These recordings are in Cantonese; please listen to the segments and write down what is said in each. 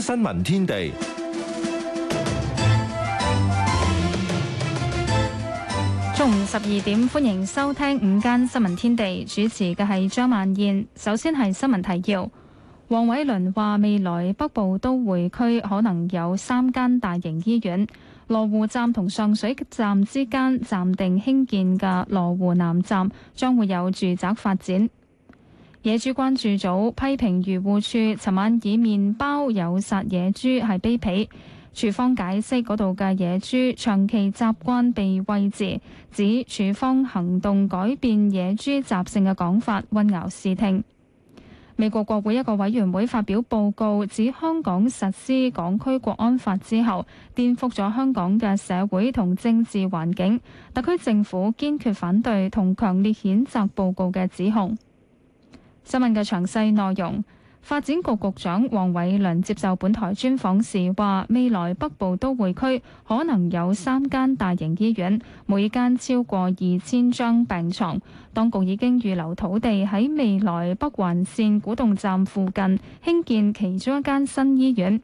新聞天地，中午十二點，歡迎收聽午間新聞天地，主持嘅係張曼燕。首先係新聞提要，黃偉倫話未來北部都會區可能有三間大型醫院，羅湖站同上水站之間暫定興建嘅羅湖南站將會有住宅發展。野豬關注組批評漁護署尋晚以麵包誘殺野豬係卑鄙。署方解釋嗰度嘅野豬長期習慣被餵飼，指署方行動改變野豬習性嘅講法，混淆視聽。美國國會一個委員會發表報告，指香港實施港區國安法之後，顛覆咗香港嘅社會同政治環境。特區政府堅決反對同強烈譴責報告嘅指控。新聞嘅詳細內容，發展局局長黃偉綸接受本台專訪時話：未來北部都會區可能有三間大型醫院，每間超過二千張病床。當局已經預留土地喺未來北環線古洞站附近，興建其中一間新醫院。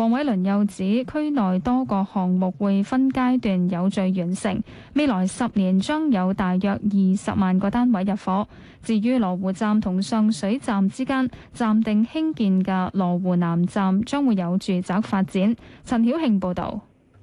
黃偉綸又指，區內多個項目會分階段有序完成，未來十年將有大約二十萬個單位入伙。至於羅湖站同上水站之間，暫定興建嘅羅湖南站將會有住宅發展。陳曉慶報道。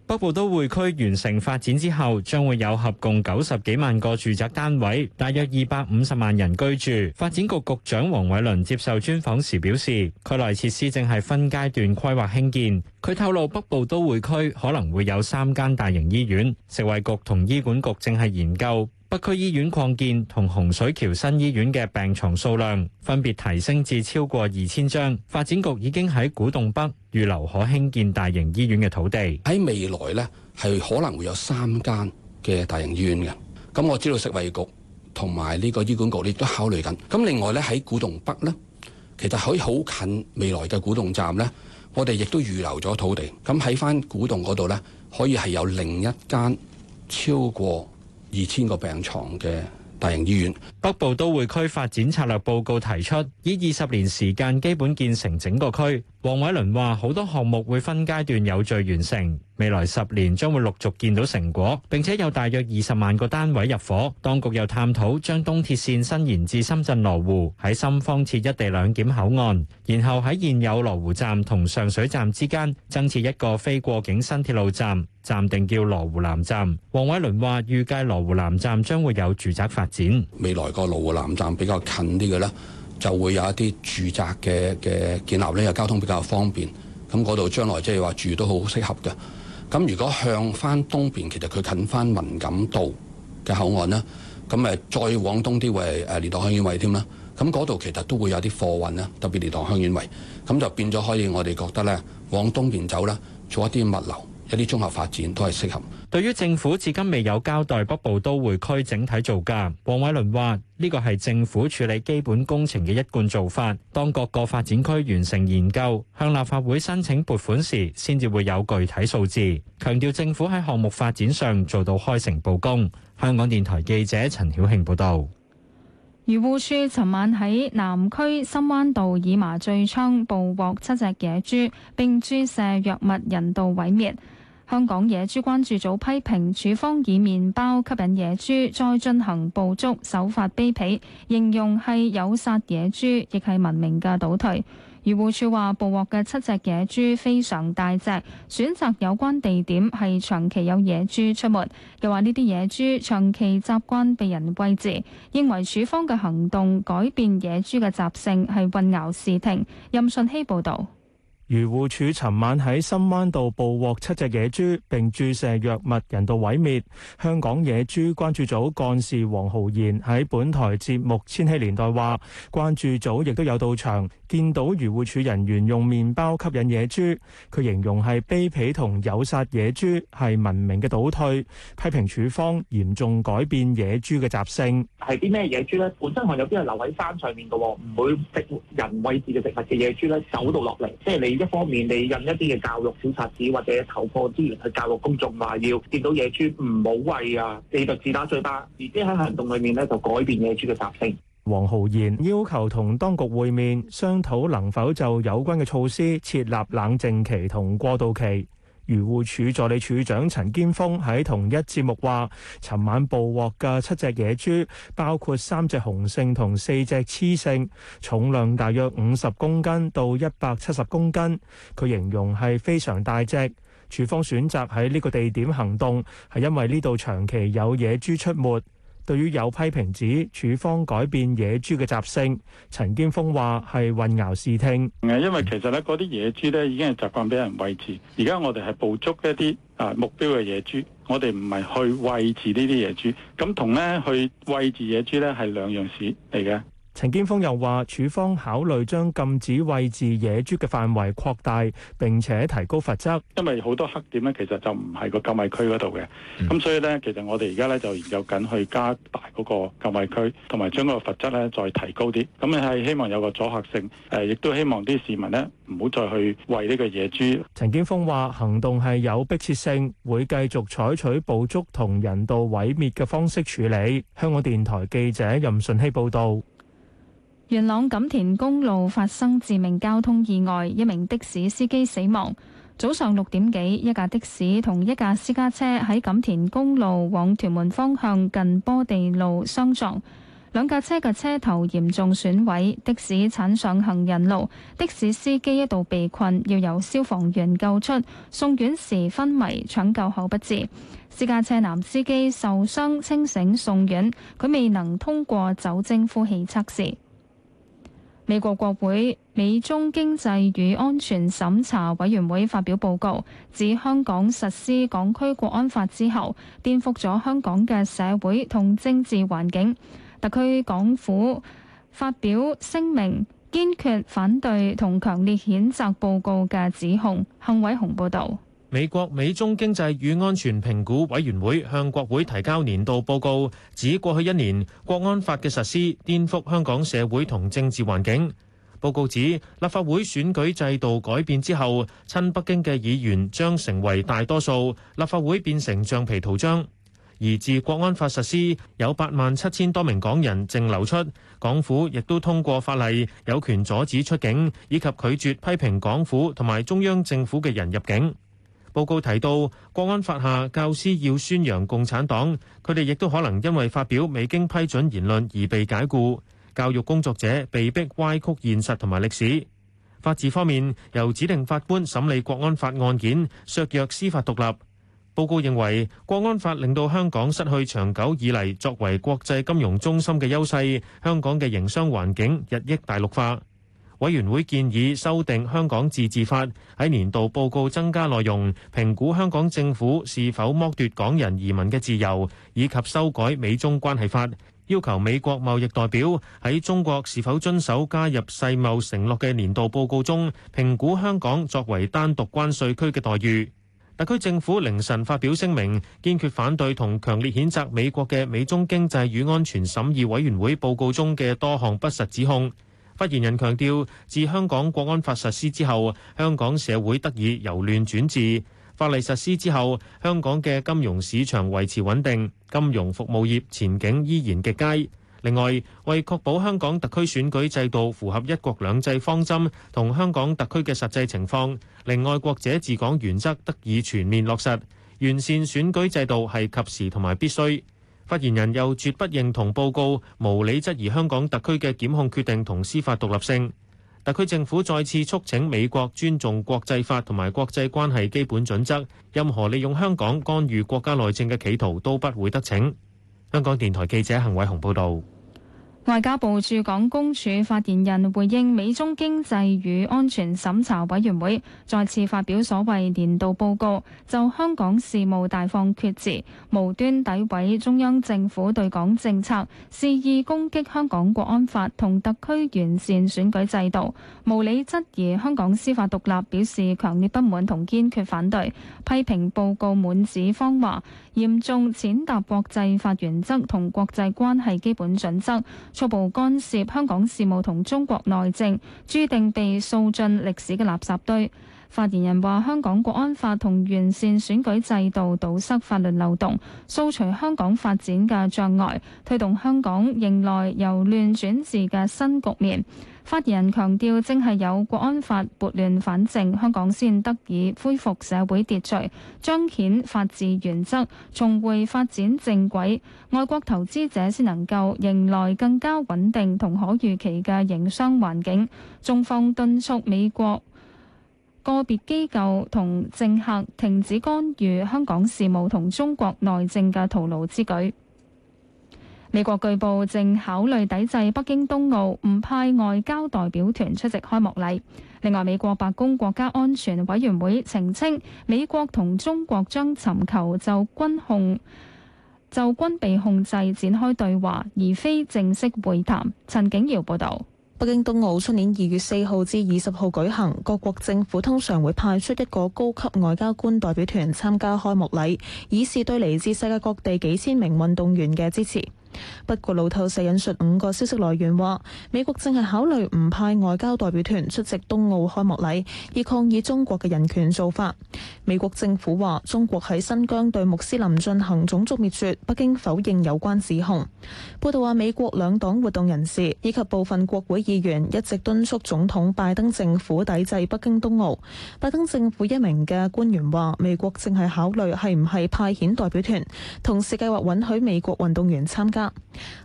北部都會區完成發展之後，將會有合共九十幾萬個住宅單位，大約二百五十萬人居住。發展局局長黃偉綸接受專訪時表示，區內設施正係分階段規劃興建。佢透露北部都會區可能會有三間大型醫院，食衛局同醫管局正係研究北區醫院擴建同洪水橋新醫院嘅病床數量，分別提升至超過二千張。發展局已經喺古洞北預留可興建大型醫院嘅土地。喺未來呢，係可能會有三間嘅大型醫院嘅。咁我知道食衛局同埋呢個醫管局亦都考慮緊。咁另外呢，喺古洞北呢，其實可以好近未來嘅古洞站呢。我哋亦都預留咗土地，咁喺翻古洞嗰度呢，可以係有另一間超過二千個病床嘅大型醫院。北部都會區發展策略報告提出，以二十年時間基本建成整個區。黃偉倫話：好多項目會分階段有序完成，未來十年將會陸續見到成果，並且有大約二十萬個單位入伙。當局又探討將東鐵綫伸延至深圳羅湖，喺深方設一地兩檢口岸，然後喺現有羅湖站同上水站之間增設一個非過境新鐵路站，暫定叫羅湖南站。黃偉倫話：預計羅湖南站將會有住宅發展，未來個羅湖南站比較近啲嘅啦。就會有一啲住宅嘅嘅建立，呢個交通比較方便，咁嗰度將來即係話住都好適合嘅。咁如果向翻東邊，其實佢近翻文錦渡嘅口岸啦，咁誒再往東啲會係誒蓮塘香園圍添啦。咁嗰度其實都會有啲貨運啦，特別蓮塘香園圍。咁就變咗可以我哋覺得呢往東邊走啦，做一啲物流，一啲綜合發展都係適合。對於政府至今未有交代北部都會區整體造價，黃偉綸話：呢個係政府處理基本工程嘅一貫做法。當各個發展區完成研究，向立法會申請撥款時，先至會有具體數字。強調政府喺項目發展上做到開誠布公。香港電台記者陳曉慶報道：「漁護署昨晚喺南區深灣道以麻醉槍捕獲七隻野豬，並注射藥物人道毀滅。香港野豬關注組批評署方以麵包吸引野豬，再進行捕捉，手法卑鄙，形容係誘殺野豬，亦係文明嘅倒退。漁護署話，捕獲嘅七隻野豬非常大隻，選擇有關地點係長期有野豬出沒，又話呢啲野豬長期習慣被人餵飼，認為署方嘅行動改變野豬嘅習性係混淆視聽。任信希報導。漁護署尋晚喺深灣道捕獲七隻野豬，並注射藥物，人道毀滅。香港野豬關注組幹事黃浩然喺本台節目《千禧年代》話，關注組亦都有到場，見到漁護署人員用麵包吸引野豬。佢形容係卑鄙同誘殺野豬係文明嘅倒退，批評署方嚴重改變野豬嘅習性。係啲咩野豬呢？本身可能有啲係留喺山上面嘅，唔會食人餵飼嘅食物嘅野豬咧，走到落嚟，即係你。一方面你印一啲嘅教育小冊子或者投放資源去教育公眾話，要見到野豬唔好餵啊，你就自打嘴巴，而且喺行動裏面咧就改變野豬嘅習性。黃浩然要求同當局會面，商討能否就有關嘅措施設立冷靜期同過渡期。漁護署助理署長陳堅峰喺同一節目話，尋晚捕獲嘅七隻野豬，包括三隻雄性同四隻雌性，重量大約五十公斤到一百七十公斤。佢形容係非常大隻。署方選擇喺呢個地點行動，係因為呢度長期有野豬出沒。對於有批評指處方改變野豬嘅習性，陳建峯話係混淆視聽。因為其實咧嗰啲野豬咧已經係習慣俾人餵飼，而家我哋係捕捉一啲啊目標嘅野豬，我哋唔係去餵飼呢啲野豬，咁同咧去餵飼野豬咧係兩樣事嚟嘅。陳堅峯又話，處方考慮將禁止餵飼野豬嘅範圍擴大，並且提高罰則。因為好多黑點咧，其實就唔係個禁喂區嗰度嘅，咁所以咧，其實我哋而家咧就研究緊去加大嗰個禁喂區，同埋將個罰則咧再提高啲。咁你係希望有個阻嚇性，誒，亦都希望啲市民咧唔好再去喂呢個野豬。陳堅峯話：行動係有迫切性，會繼續採取捕捉同人道毀滅嘅方式處理。香港電台記者任順希報導。元朗錦田公路發生致命交通意外，一名的士司機死亡。早上六點幾，一架的士同一架私家車喺錦田公路往屯門方向近波地路相撞，兩架車嘅車頭嚴重損毀，的士鏟上行人路，的士司機一度被困，要由消防員救出，送院時昏迷，搶救後不治。私家車男司機受傷清醒送院，佢未能通過酒精呼氣測試。美國國會美中經濟與安全審查委員會發表報告，指香港實施港區國安法之後，顛覆咗香港嘅社會同政治環境。特區港府發表聲明，堅決反對同強烈譴責報告嘅指控。幸偉雄報導。美國美中經濟與安全評估委員會向國會提交年度報告，指過去一年國安法嘅實施顛覆香港社會同政治環境。報告指立法會選舉制度改變之後，親北京嘅議員將成為大多數，立法會變成橡皮圖章。而自國安法實施，有八萬七千多名港人淨流出，港府亦都通過法例有權阻止出境，以及拒絕批評港府同埋中央政府嘅人入境。報告提到，國安法下教師要宣揚共產黨，佢哋亦都可能因為發表未經批准言論而被解雇。教育工作者被逼歪曲現實同埋歷史。法治方面，由指定法官審理國安法案件，削弱司法獨立。報告認為，國安法令到香港失去長久以嚟作為國際金融中心嘅優勢，香港嘅營商環境日益大陸化。委員會建議修訂《香港自治法》，喺年度報告增加內容，評估香港政府是否剝奪港人移民嘅自由，以及修改《美中關係法》，要求美國貿易代表喺中國是否遵守加入世貿承諾嘅年度報告中評估香港作為單獨關稅區嘅待遇。特區政府凌晨發表聲明，堅決反對同強烈譴責美國嘅《美中經濟與安全審議委員會》報告中嘅多項不實指控。發言人強調，自香港國安法實施之後，香港社會得以由亂轉治；法例實施之後，香港嘅金融市場維持穩定，金融服務業前景依然極佳。另外，為確保香港特區選舉制度符合一國兩制方針同香港特區嘅實際情況，令愛國者治港原則得以全面落實，完善選舉制度係及時同埋必須。發言人又絕不認同報告，無理質疑香港特區嘅檢控決定同司法獨立性。特區政府再次促請美國尊重國際法同埋國際關係基本準則，任何利用香港干預國家內政嘅企圖都不會得逞。香港電台記者幸偉雄報道。外交部駐港公署發言人回應美中經濟與安全審查委員會再次發表所謂年度報告，就香港事務大放厥詞、無端詆毀中央政府對港政策、肆意攻擊香港國安法同特區完善選舉制度、無理質疑香港司法獨立，表示強烈不滿同堅決反對，批評報告滿紙謊話，嚴重踐踏國際法原則同國際關係基本準則。初步干涉香港事務同中國內政，注定被掃進歷史嘅垃圾堆。發言人話，香港國安法同完善選舉制度，堵塞法律漏洞，掃除香港發展嘅障礙，推動香港迎來由亂轉治嘅新局面。發言人強調，正係有國安法撥亂反正，香港先得以恢復社會秩序，彰顯法治原則，重回發展正軌，外國投資者先能夠迎來更加穩定同可預期嘅營商環境。中方敦促美國個別機構同政客停止干預香港事務同中國內政嘅徒勞之舉。美國據報正考慮抵制北京冬奧，唔派外交代表團出席開幕禮。另外，美國白宮國家安全委員會澄清，美國同中國將尋求就軍控就軍備控制展開對話，而非正式會談。陳景瑤報道。北京冬奧出年二月四號至二十號舉行，各國政府通常會派出一個高級外交官代表團參加開幕禮，以示對嚟自世界各地幾千名運動員嘅支持。不過路透社引述五個消息來源話，美國正係考慮唔派外交代表團出席東奧開幕禮，以抗議中國嘅人權做法。美國政府話，中國喺新疆對穆斯林進行種族滅絕，北京否認有關指控。報道話，美國兩黨活動人士以及部分國會議員一直敦促總統拜登政府抵制北京東奧。拜登政府一名嘅官員話，美國正係考慮係唔係派遣代表團，同時計劃允許美國運動員參加。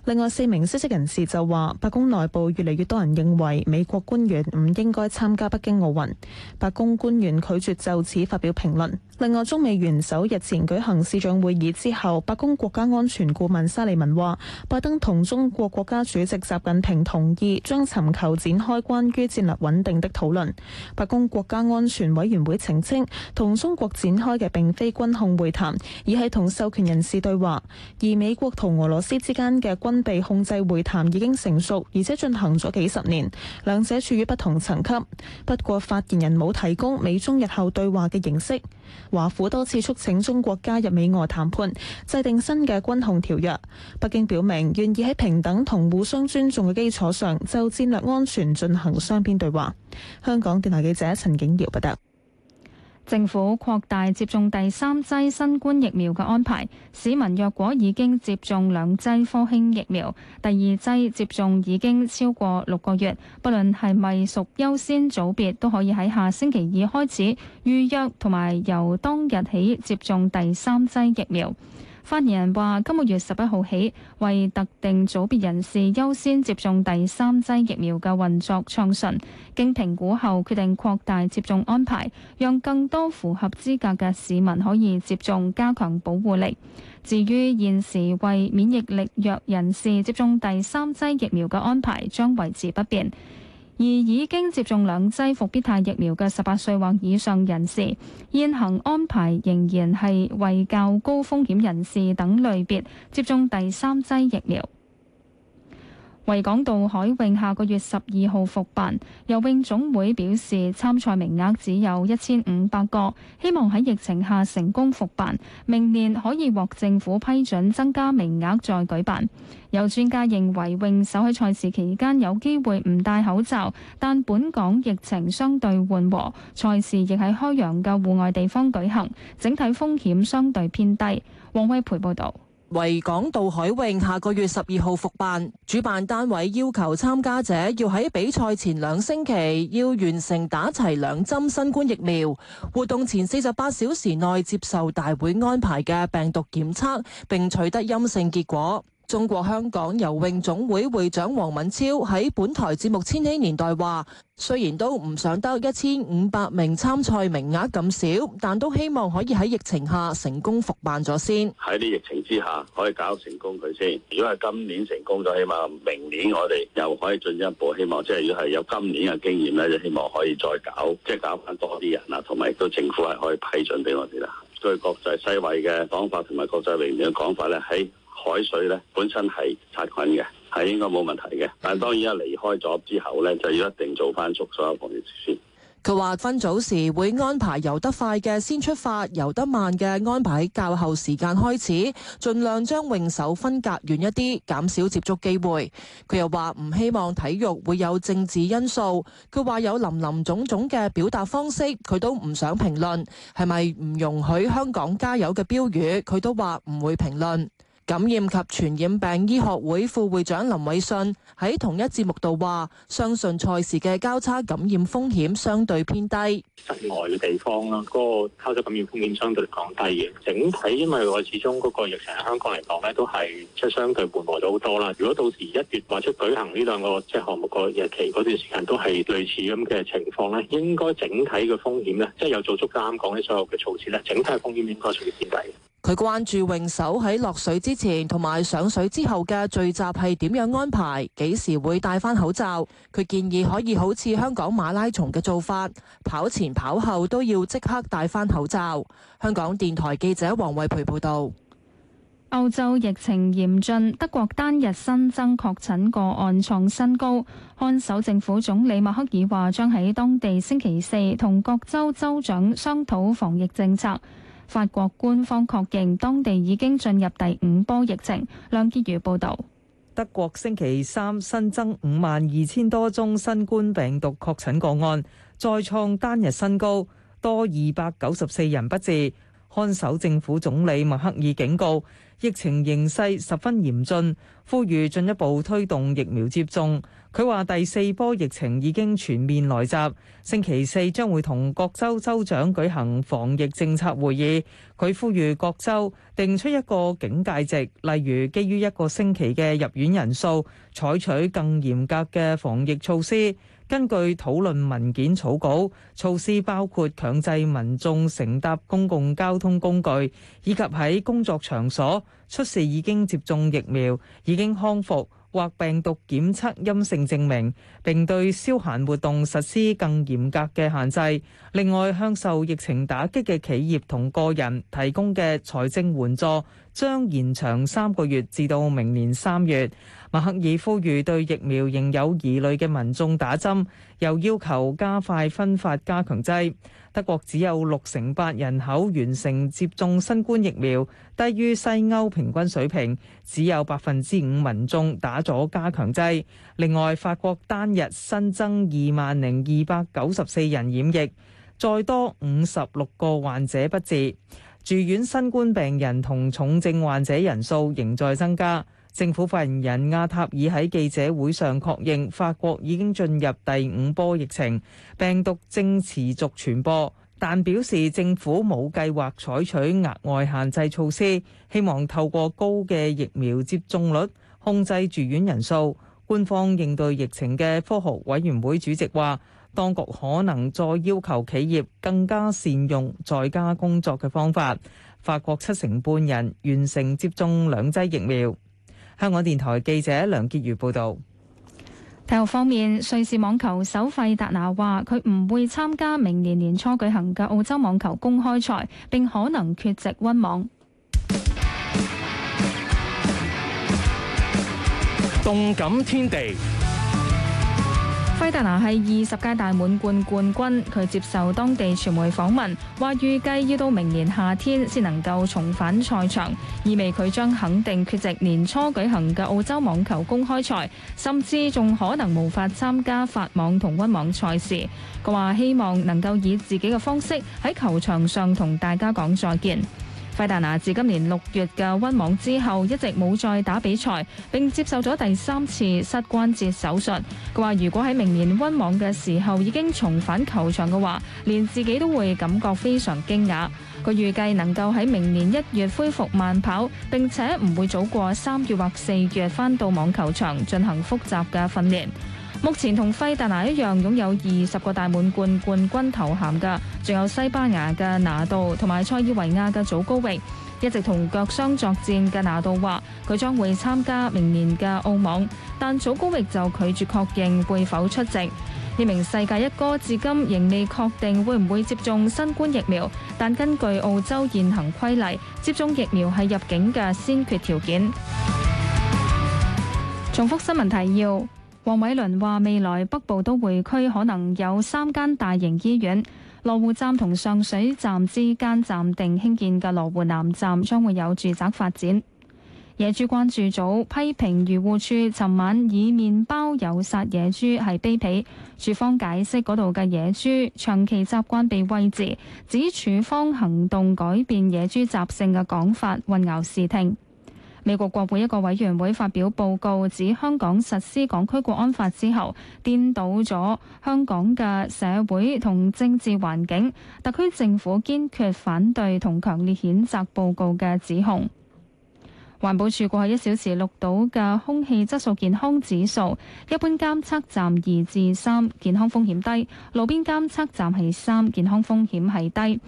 另外四名消息人士就話，白宮內部越嚟越多人認為美國官員唔應該參加北京奧運。白宮官員拒絕就此發表評論。另外，中美元首日前舉行視像會議之後，白宮國家安全顧問沙利文話，拜登同中國國家主席習近平同意將尋求展開關於戰略穩定的討論。白宮國家安全委員會澄清，同中國展開嘅並非軍控會談，而係同授權人士對話。而美國同俄羅斯。之間嘅軍備控制會談已經成熟，而且進行咗幾十年，兩者處於不同層級。不過發言人冇提供美中日後對話嘅形式。華府多次促請中國加入美俄談判，制定新嘅軍控條約。北京表明願意喺平等同互相尊重嘅基礎上，就戰略安全進行雙邊對話。香港電台記者陳景瑤報道。政府擴大接種第三劑新冠疫苗嘅安排，市民若果已經接種兩劑科興疫苗，第二劑接種已經超過六個月，不論係咪屬優先組別，都可以喺下星期二開始預約，同埋由當日起接種第三劑疫苗。發言人話：今個月十一號起，為特定組別人士優先接種第三劑疫苗嘅運作暢順，經評估後決定擴大接種安排，讓更多符合資格嘅市民可以接種加強保護力。至於現時為免疫力弱人士接種第三劑疫苗嘅安排，將維持不變。而已經接種兩劑復必泰疫苗嘅十八歲或以上人士，現行安排仍然係為較高風險人士等類別接種第三劑疫苗。維港渡海泳下個月十二號復辦，游泳總會表示參賽名額只有一千五百個，希望喺疫情下成功復辦，明年可以獲政府批准增加名額再舉辦。有專家認為泳手喺賽事期間有機會唔戴口罩，但本港疫情相對緩和，賽事亦喺開揚嘅戶外地方舉行，整體風險相對偏低。王威培報導。維港渡海泳下個月十二號復辦，主辦單位要求參加者要喺比賽前兩星期要完成打齊兩針新冠疫苗，活動前四十八小時內接受大會安排嘅病毒檢測，並取得陰性結果。中國香港游泳總會會長黃敏超喺本台節目千禧年代話，雖然都唔想得一千五百名參賽名額咁少，但都希望可以喺疫情下成功復辦咗先，喺啲疫情之下可以搞成功佢先。如果係今年成功咗，希望明年我哋又可以進一步希望，即係如果係有今年嘅經驗呢，就希望可以再搞，即係搞返多啲人，同埋亦都政府係可以批准俾我哋。對於國際世衛嘅講法同埋國際泳聯嘅講法呢海水咧本身係殺菌嘅，係應該冇問題嘅。但當然一離開咗之後咧，就要一定做翻足所有防疫措施。佢話分組時會安排游得快嘅先出發，游得慢嘅安排喺較後時間開始，盡量將泳手分隔遠一啲，減少接觸機會。佢又話唔希望體育會有政治因素。佢話有林林總總嘅表達方式，佢都唔想評論係咪唔容許香港加油嘅標語，佢都話唔會評論。感染及傳染病醫學會副會長林偉信喺同一節目度話，相信賽事嘅交叉感染風險相對偏低。室外嘅地方啦，嗰個交叉感染風險相對降低嘅。整體因為我始終嗰個疫情喺香港嚟講咧，都係即係相對緩和咗好多啦。如果到時一月或者舉行呢兩個即係項目嗰個日期嗰段時間都係類似咁嘅情況咧，應該整體嘅風險咧，即係有做足啱啱講嘅所有嘅措施咧，整體嘅風險應該屬於偏低嘅。佢關注泳手喺落水之。之前同埋上水之後嘅聚集係點樣安排？幾時會戴翻口罩？佢建議可以好似香港馬拉松嘅做法，跑前跑後都要即刻戴翻口罩。香港電台記者黃慧培報道。歐洲疫情嚴峻，德國單日新增確診個案創新高。看守政府總理默克爾話，將喺當地星期四同各州州長商討防疫政策。法國官方確認當地已經進入第五波疫情。梁潔如報道，德國星期三新增五萬二千多宗新冠病毒確診個案，再創單日新高，多二百九十四人不治。看守政府總理默克爾警告，疫情形勢十分嚴峻，呼籲進一步推動疫苗接種。佢話第四波疫情已經全面來襲，星期四將會同各州州長舉行防疫政策會議。佢呼籲各州定出一個警戒值，例如基於一個星期嘅入院人數，採取更嚴格嘅防疫措施。根據討論文件草稿，措施包括強制民眾乘搭公共交通工具，以及喺工作場所出示已經接種疫苗、已經康復。或病毒檢測陰性證明，並對消閒活動實施更嚴格嘅限制。另外，向受疫情打擊嘅企業同個人提供嘅財政援助將延長三個月，至到明年三月。默克爾呼籲對疫苗仍有疑慮嘅民眾打針，又要求加快分發加強劑。德國只有六成八人口完成接種新冠疫苗，低於西歐平均水平，只有百分之五民眾打咗加強劑。另外，法國單日新增二萬零二百九十四人染疫，再多五十六個患者不治。住院新冠病人同重症患者人數仍在增加。政府發言人阿塔爾喺記者會上確認，法國已經進入第五波疫情，病毒正持續傳播，但表示政府冇計劃採取額外限制措施，希望透過高嘅疫苗接種率控制住院人數。官方應對疫情嘅科學委員會主席話，當局可能再要求企業更加善用在家工作嘅方法。法國七成半人完成接種兩劑疫苗。香港電台記者梁潔如報道。體育方面，瑞士網球手費達拿話，佢唔會參加明年年初舉行嘅澳洲網球公開賽，並可能缺席溫網。動感天地。費達拿係二十屆大滿貫冠冠軍，佢接受當地傳媒訪問，話預計要到明年夏天先能夠重返賽場，意味佢將肯定缺席年初舉行嘅澳洲網球公開賽，甚至仲可能無法參加法網同温網賽事。佢話希望能夠以自己嘅方式喺球場上同大家講再見。費達拿自今年六月嘅溫網之後，一直冇再打比賽，並接受咗第三次膝關節手術。佢話：如果喺明年溫網嘅時候已經重返球場嘅話，連自己都會感覺非常驚訝。佢預計能夠喺明年一月恢復慢跑，並且唔會早過三月或四月返到網球場進行複雜嘅訓練。目前同費達拿一樣擁有二十個大滿貫冠軍頭銜嘅，仲有西班牙嘅拿度同埋塞爾維亞嘅祖高域。一直同腳傷作戰嘅拿度話，佢將會參加明年嘅澳網，但祖高域就拒絕確認會否出席。一名世界一哥至今仍未確定會唔會接種新冠疫苗，但根據澳洲現行規例，接種疫苗係入境嘅先決條件。重複新聞提要。黃偉綸話：未來北部都會區可能有三間大型醫院。羅湖站同上水站之間暫定興建嘅羅湖南站將會有住宅發展。野豬關注組批評漁護處尋晚以麵包誘殺野豬係卑鄙，署方解釋嗰度嘅野豬長期習慣被餵食，指署方行動改變野豬習性嘅講法混淆視聽。美國國會一個委員會發表報告，指香港實施港區國安法之後，顛倒咗香港嘅社會同政治環境。特區政府堅決反對同強烈譴責報告嘅指控。環保署過去一小時錄到嘅空氣質素健康指數，一般監測站二至三，健康風險低；路邊監測站係三，健康風險係低。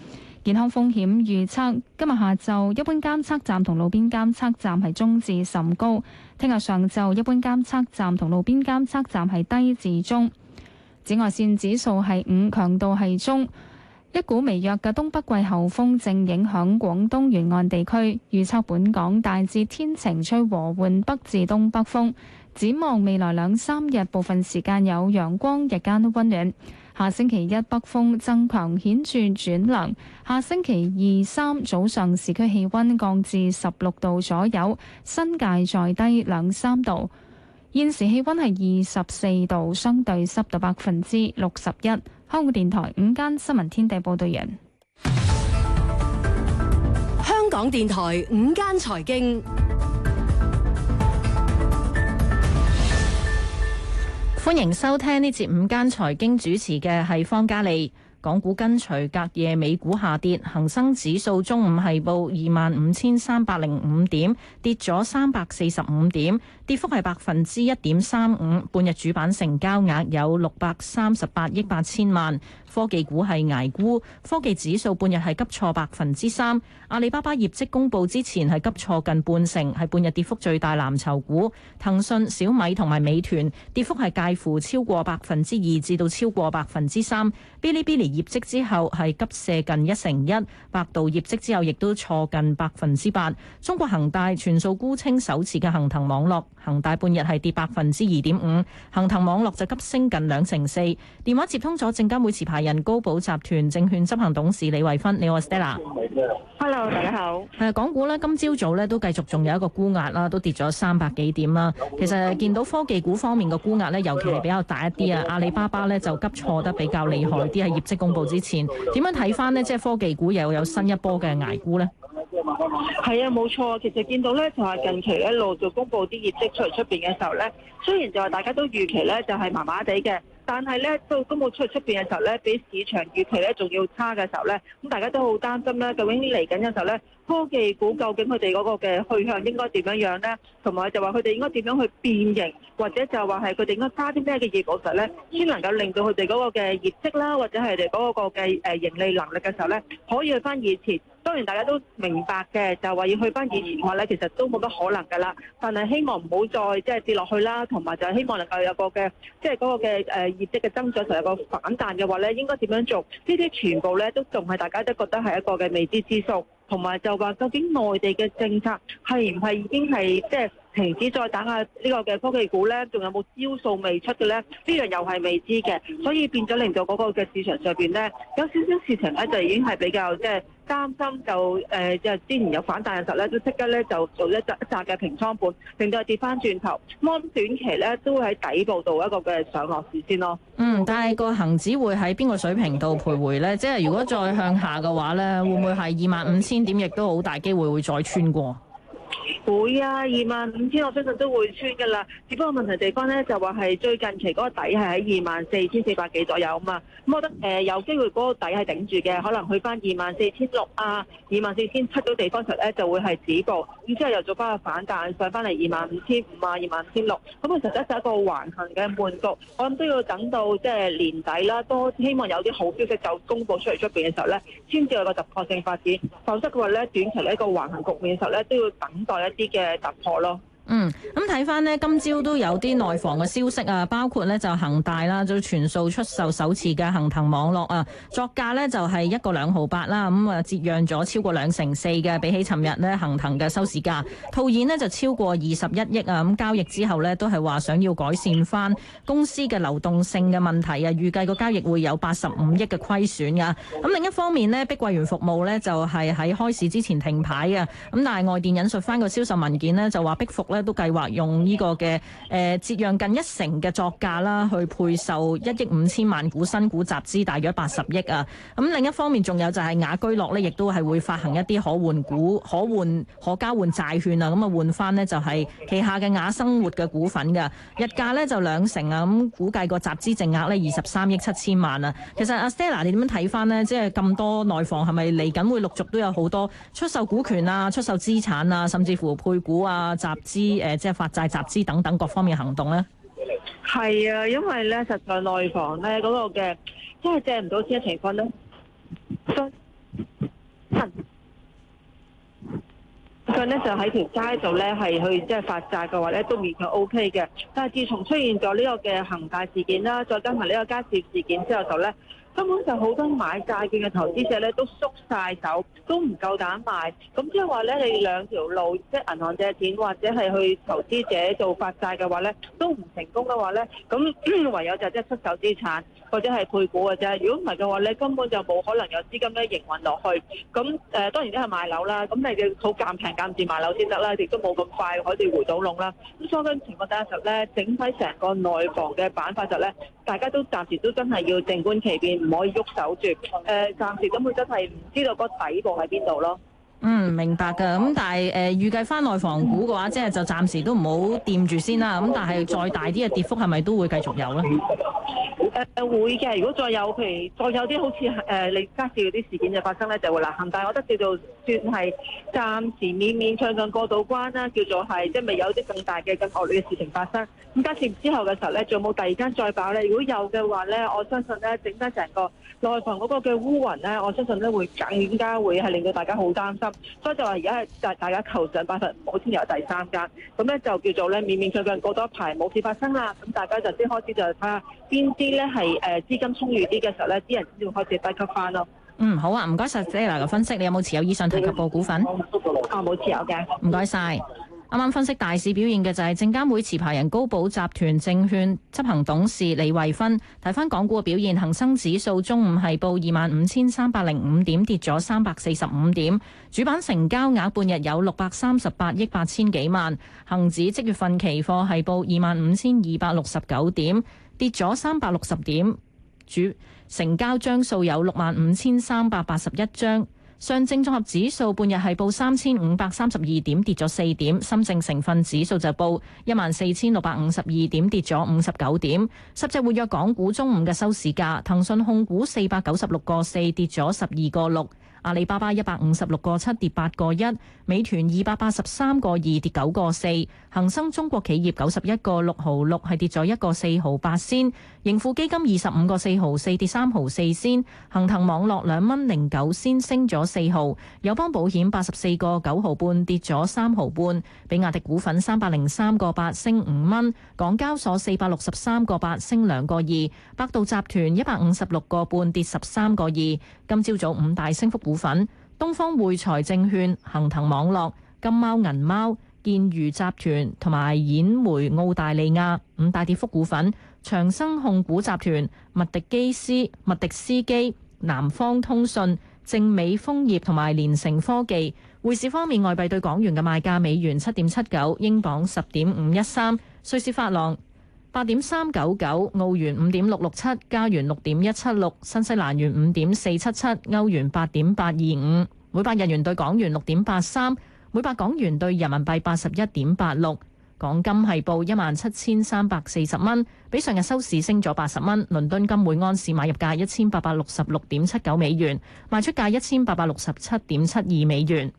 健康風險預測今日下晝一般監測站同路邊監測站係中至甚高。聽日上晝一般監測站同路邊監測站係低至中。紫外線指數係五，強度係中。一股微弱嘅東北季候風正影響廣東沿岸地區，預測本港大致天晴，吹和緩北至東北風，展望未來兩三日，部分時間有陽光，日間都溫暖。下星期一北風增強，顯著轉涼。下星期二三早上市區氣溫降至十六度左右，新界再低兩三度。現時氣溫係二十四度，相對濕度百分之六十一。香港電台午間新聞天地報道，完，香港電台午間財經。歡迎收聽呢節午間財經，主持嘅係方嘉利。港股跟隨隔夜美股下跌，恆生指數中午係報二萬五千三百零五點，跌咗三百四十五點，跌幅係百分之一點三五。半日主板成交額有六百三十八億八千萬。科技股係挨沽，科技指數半日係急挫百分之三。阿里巴巴業績公布之前係急挫近半成，係半日跌幅最大藍籌股。騰訊、小米同埋美團跌幅係介乎超過百分之二至到超過百分之三。Bilibili 業績之後係急瀉近一成一，百度業績之後亦都挫近百分之八。中國恒大全數沽清首次嘅恒騰網絡，恒大半日係跌百分之二點五，恒騰網絡就急升近兩成四。電話接通咗證監會持牌人高寶集團證券執行董事李慧芬，你好 Stella。Hello，大家好。係啊，港股呢，今朝早呢都繼續仲有一個沽壓啦，都跌咗三百幾點啦。其實見到科技股方面嘅沽壓呢，尤其係比較大一啲啊，阿里巴巴呢，就急挫得比較厲害啲，係業績。公布之前，點樣睇翻呢？即係科技股又有新一波嘅挨沽呢？係啊，冇錯，其實見到呢，就係、是、近期一路做公布啲業績出嚟出邊嘅時候呢，雖然就係大家都預期呢，就係麻麻地嘅。但係咧，到今個出出邊嘅時候咧，比市場預期咧仲要差嘅時候咧，咁大家都好擔心咧。究竟嚟緊嘅時候咧，科技股究竟佢哋嗰個嘅去向應該點樣樣咧？同埋就話佢哋應該點樣去變形，或者就話係佢哋應該差啲咩嘅嘢時候咧，先能夠令到佢哋嗰個嘅業績啦，或者係佢哋嗰個嘅誒盈利能力嘅時候咧，可以去返以前。當然大家都明白嘅，就話要去返以前嘅話咧，其實都冇乜可能噶啦。但係希望唔好再即係、就是、跌落去啦，同埋就係希望能夠有、就是、個嘅即係嗰個嘅誒業績嘅增長同有個反彈嘅話咧，應該點樣做？呢啲全部咧都仲係大家都覺得係一個嘅未知之數，同埋就話究竟內地嘅政策係唔係已經係即係停止再打下呢個嘅科技股咧，仲有冇招數未出嘅咧？呢樣又係未知嘅，所以變咗令到嗰個嘅市場上面咧，有少少事情咧就已經係比較即係，就是擔心就誒即、呃、之前有反彈嘅時候咧，都即刻咧就做一扎一扎嘅平倉盤，令到佢跌翻轉頭。咁短期咧都會喺底部度一個嘅上落市先咯。嗯，但係個恆指會喺邊個水平度徘徊咧？即係如果再向下嘅話咧，會唔會係二萬五千點亦都好大機會會再穿過？會啊，二萬五千，我相信都會穿噶啦。只不過問題地方咧，就話係最近期嗰個底係喺二萬四千四百幾左右啊嘛。咁我覺得誒、呃、有機會嗰個底係頂住嘅，可能去翻二萬四千六啊，二萬四千七嗰地方時候咧就會係止步。咁之後又做翻個反彈，上翻嚟二萬五千五啊，二萬五千六。咁啊，實質就一個橫行嘅悶局。我諗都要等到即係年底啦，多希望有啲好消息就公布出嚟出邊嘅時候咧，先至有個突破性發展。否則嘅話咧，短期呢一個橫行局面嘅時候咧，都要等。帶一啲嘅突破咯。嗯，咁睇翻呢，今朝都有啲內房嘅消息啊，包括呢就恒大啦，就全數出售首次嘅恒騰網絡啊，作價呢就係一個兩毫八啦，咁啊折讓咗超過兩成四嘅，比起尋日呢，恒騰嘅收市價，套現呢就超過二十一億啊，咁、嗯、交易之後呢，都係話想要改善翻公司嘅流動性嘅問題啊，預計個交易會有八十五億嘅虧損噶、啊。咁、嗯、另一方面呢，碧桂園服務呢就係、是、喺開市之前停牌嘅，咁、嗯、但係外電引述翻個銷售文件呢，就話逼服。都計劃用呢個嘅誒，折、呃、讓近一成嘅作價啦，去配售一億五千萬股新股集資，大約八十億啊。咁、嗯、另一方面，仲有就係雅居樂呢，亦都係會發行一啲可換股、可換、可交換債券啊。咁啊，換翻呢，就係、是、旗下嘅雅生活嘅股份噶。日價呢，就兩成啊。咁、嗯、估計個集資淨額呢，二十三億七千萬啊。其實阿 Stella，你點樣睇翻呢？即係咁多內房係咪嚟緊會陸續都有好多出售股權啊、出售資產啊，甚至乎配股啊、集資？啲誒即係發債集資等等各方面行動咧，係啊，因為咧實在內房咧嗰個嘅即係借唔到錢嘅情況咧，佢咧 就喺條街度咧係去即係發債嘅話咧都完全 O K 嘅，但係自從出現咗呢個嘅恒大事件啦，再加埋呢個加借事件之後就咧。根本就好多買債券嘅投資者咧，都縮晒手，都唔夠膽買。咁即係話咧，你兩條路，即係銀行借錢或者係去投資者做發債嘅話咧，都唔成功嘅話咧，咁 唯有就即係出手資產。或者係配股嘅啫，如果唔係嘅話，你根本就冇可能有資金咧營運落去。咁誒當然都係買樓啦，咁你要好揀平揀字買樓先得啦。亦都冇咁快可以回到籠啦。咁所以呢個情況底下實咧，整體成個內房嘅板塊就咧，大家都暫時都真係要靜觀其變，唔可以喐手住。誒暫時咁佢真係唔知道個底部喺邊度咯。嗯，明白㗎。咁但係誒預計翻內房股嘅話，即係就暫時都唔好掂住先啦。咁但係再大啲嘅跌幅係咪都會繼續有咧？誒會嘅，如果再有譬如再有啲好似誒、呃、你家事嗰啲事件就發生咧，就會臨行。但係我覺得叫做算係暫時勉勉強強過到關啦，叫做係即係未有啲更大嘅更惡劣嘅事情發生。咁家事之後嘅時候咧，仲有冇第二間再爆咧？如果有嘅話咧，我相信咧整返成個內房嗰個嘅烏雲咧，我相信咧會更加會係令到大家好擔心。所以就話而家係大大家求上拜佛，好先有第三間。咁咧就叫做咧勉勉強強過多排，冇事發生啦。咁大家就先開始就睇下。邊啲呢？係誒資金充裕啲嘅時候呢啲人先會開始低級化咯。嗯，好啊，唔該晒。謝娜嘅分析。你有冇持有以上提及過股份啊？冇、哦、持有嘅。唔該晒。啱啱分析大市表現嘅就係證監會持牌人高寶集團證券執行董事李慧芬。睇翻港股嘅表現，恒生指數中午係報二萬五千三百零五點，跌咗三百四十五點，主板成交額半日有六百三十八億八千幾萬。恒指即月份期貨係報二萬五千二百六十九點。跌咗三百六十點，主成交張數有六萬五千三百八十一張。上證綜合指數半日係報三千五百三十二點，跌咗四點。深證成分指數就報一萬四千六百五十二點，跌咗五十九點。十隻活躍港股中午嘅收市價，騰訊控股四百九十六個四，跌咗十二個六。阿里巴巴一百五十六個七跌八個一，美團二百八十三個二跌九個四，恒生中國企業九十一個六毫六係跌咗一個四毫八先，盈富基金二十五個四毫四跌三毫四先，恒騰網絡兩蚊零九先升咗四毫，友邦保險八十四個九毫半跌咗三毫半，比亞迪股份三百零三個八升五蚊，港交所四百六十三個八升兩個二，百度集團一百五十六個半跌十三個二，今朝早五大升幅股。股份，東方匯財證券、恒騰網絡、金貓銀貓、建裕集團同埋兗煤澳大利亞。五大跌幅股份，長生控股集團、麥迪基斯、麥迪斯基、南方通訊、正美豐業同埋聯成科技。匯市方面，外幣對港元嘅賣價：美元七點七九，英鎊十點五一三，瑞士法郎。八點三九九澳元，五點六六七加元，六點一七六新西蘭元，五點四七七歐元，八點八二五，每百日元兌港元六點八三，每百港元兌人民幣八十一點八六，港金係報一萬七千三百四十蚊，比上日收市升咗八十蚊。倫敦金每安士買入價一千八百六十六點七九美元，賣出價一千八百六十七點七二美元。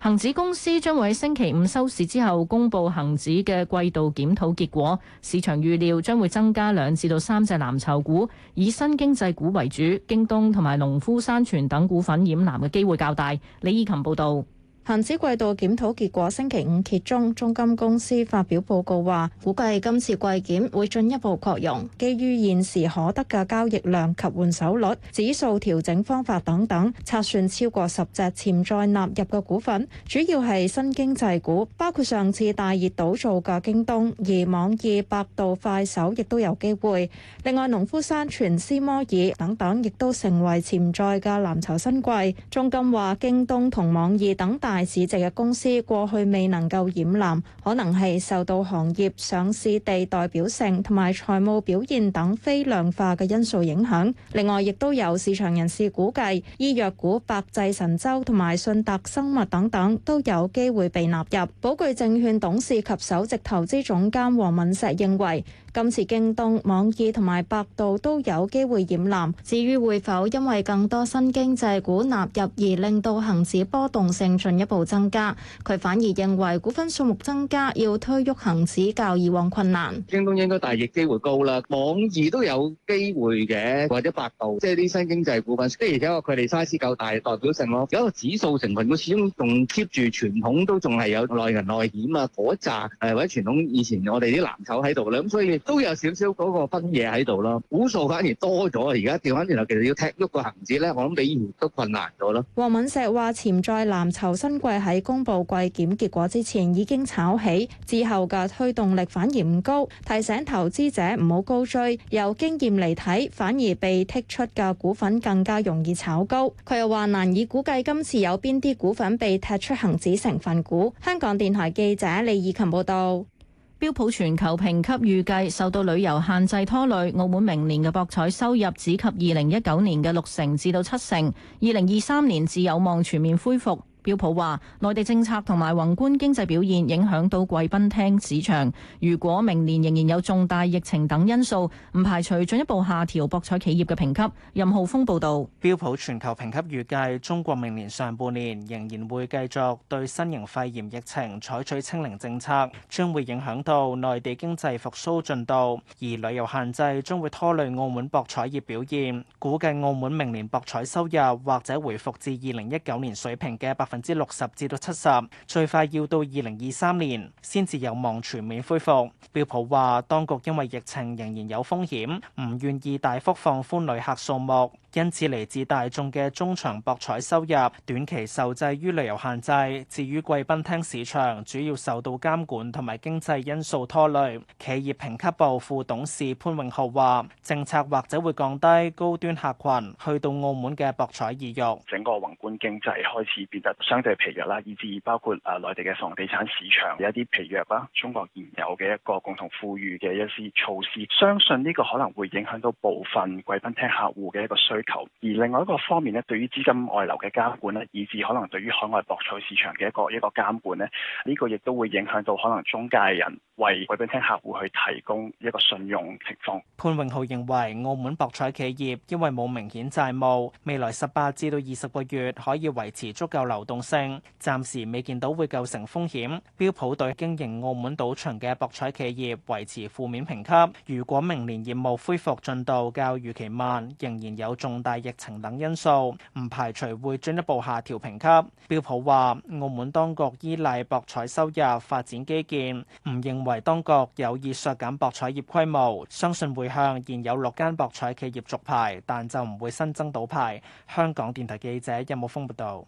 恆指公司將會喺星期五收市之後公布恆指嘅季度檢討結果，市場預料將會增加兩至到三隻藍籌股，以新經濟股為主，京東同埋農夫山泉等股份染藍嘅機會較大。李依琴報道。恆指季度檢討結果星期五揭盅，中金公司發表報告話，估計今次季檢會進一步擴容，基於現時可得嘅交易量及換手率、指數調整方法等等，測算超過十隻潛在納入嘅股份，主要係新經濟股，包括上次大熱倒灶嘅京東、而網易、百度、快手亦都有機會。另外，農夫山泉、斯摩爾等等亦都成為潛在嘅藍籌新貴。中金話，京東同網易等大大市值嘅公司過去未能夠染藍，可能係受到行業、上市地代表性同埋財務表現等非量化嘅因素影響。另外，亦都有市場人士估計，醫藥股百濟神州同埋信達生物等等都有機會被納入。寶具證券董事及首席投資總監黃敏石認為，今次京東、網易同埋百度都有機會染藍。至於會否因為更多新經濟股納入而令到恆指波動性進一步增加，佢反而認為股分數目增加要推喐恆指較以往困難。京東應該大熱機會高啦，網易都有機會嘅，或者百度，即係啲新經濟股份。即係而家話佢哋 size 夠大，代表性咯。有一個指數成分股，始終仲 keep 住傳統都耐耐，都仲係有內銀內險啊嗰扎，誒或者傳統以前我哋啲藍籌喺度咧，咁所以。都有少少嗰個分嘢喺度咯，股數反而多咗，而家調翻轉頭，其實要踢喐個恆指咧，我諗比以前都困難咗咯。黃敏石話：潛在藍籌新貴喺公布季檢結果之前已經炒起，之後嘅推動力反而唔高，提醒投資者唔好高追。由經驗嚟睇，反而被剔出嘅股份更加容易炒高。佢又話：難以估計今次有邊啲股份被踢出恆指成分股。香港電台記者李以琴報道。標普全球評級預計受到旅遊限制拖累，澳門明年嘅博彩收入只及二零一九年嘅六成至到七成，二零二三年至有望全面恢復。標普話，內地政策同埋宏觀經濟表現影響到貴賓廳市場。如果明年仍然有重大疫情等因素，唔排除進一步下調博彩企業嘅評級。任浩峰報道，標普全球評級預計中國明年上半年仍然會繼續對新型肺炎疫情採取清零政策，將會影響到內地經濟復蘇進度，而旅遊限制將會拖累澳門博彩業表現。估計澳門明年博彩收入，或者回復至二零一九年水平嘅百分之六十至到七十，最快要到二零二三年先至有望全面恢復。標普話，當局因為疫情仍然有風險，唔願意大幅放寬旅客數目。因此嚟自大眾嘅中長博彩收入短期受制於旅遊限制，至於貴賓廳市場主要受到監管同埋經濟因素拖累。企業評級部副董事潘永浩話，政策或者會降低高端客群去到澳門嘅博彩意欲。整個宏觀經濟開始變得相對疲弱啦，以致包括啊內地嘅房地產市場有一啲疲弱啦。中國現有嘅一個共同富裕嘅一啲措施，相信呢個可能會影響到部分貴賓廳客戶嘅一個需。需求，而另外一個方面呢，對於資金外流嘅監管呢，以致可能對於海外博彩市場嘅一個一個監管呢，呢個亦都會影響到可能中介人為貴賓廳客戶去提供一個信用情況。潘永浩認為澳門博彩企業因為冇明顯債務，未來十八至到二十個月可以維持足夠流動性，暫時未見到會構成風險。標普對經營澳門賭場嘅博彩企業維持負面評級，如果明年業務恢復進度較預期慢，仍然有重。重大疫情等因素，唔排除會進一步下調評級，標普話澳門當局依賴博彩收入發展基建，唔認為當局有意削減博彩業規模，相信會向現有六間博彩企業續牌，但就唔會新增賭牌。香港電台記者任武峯報道。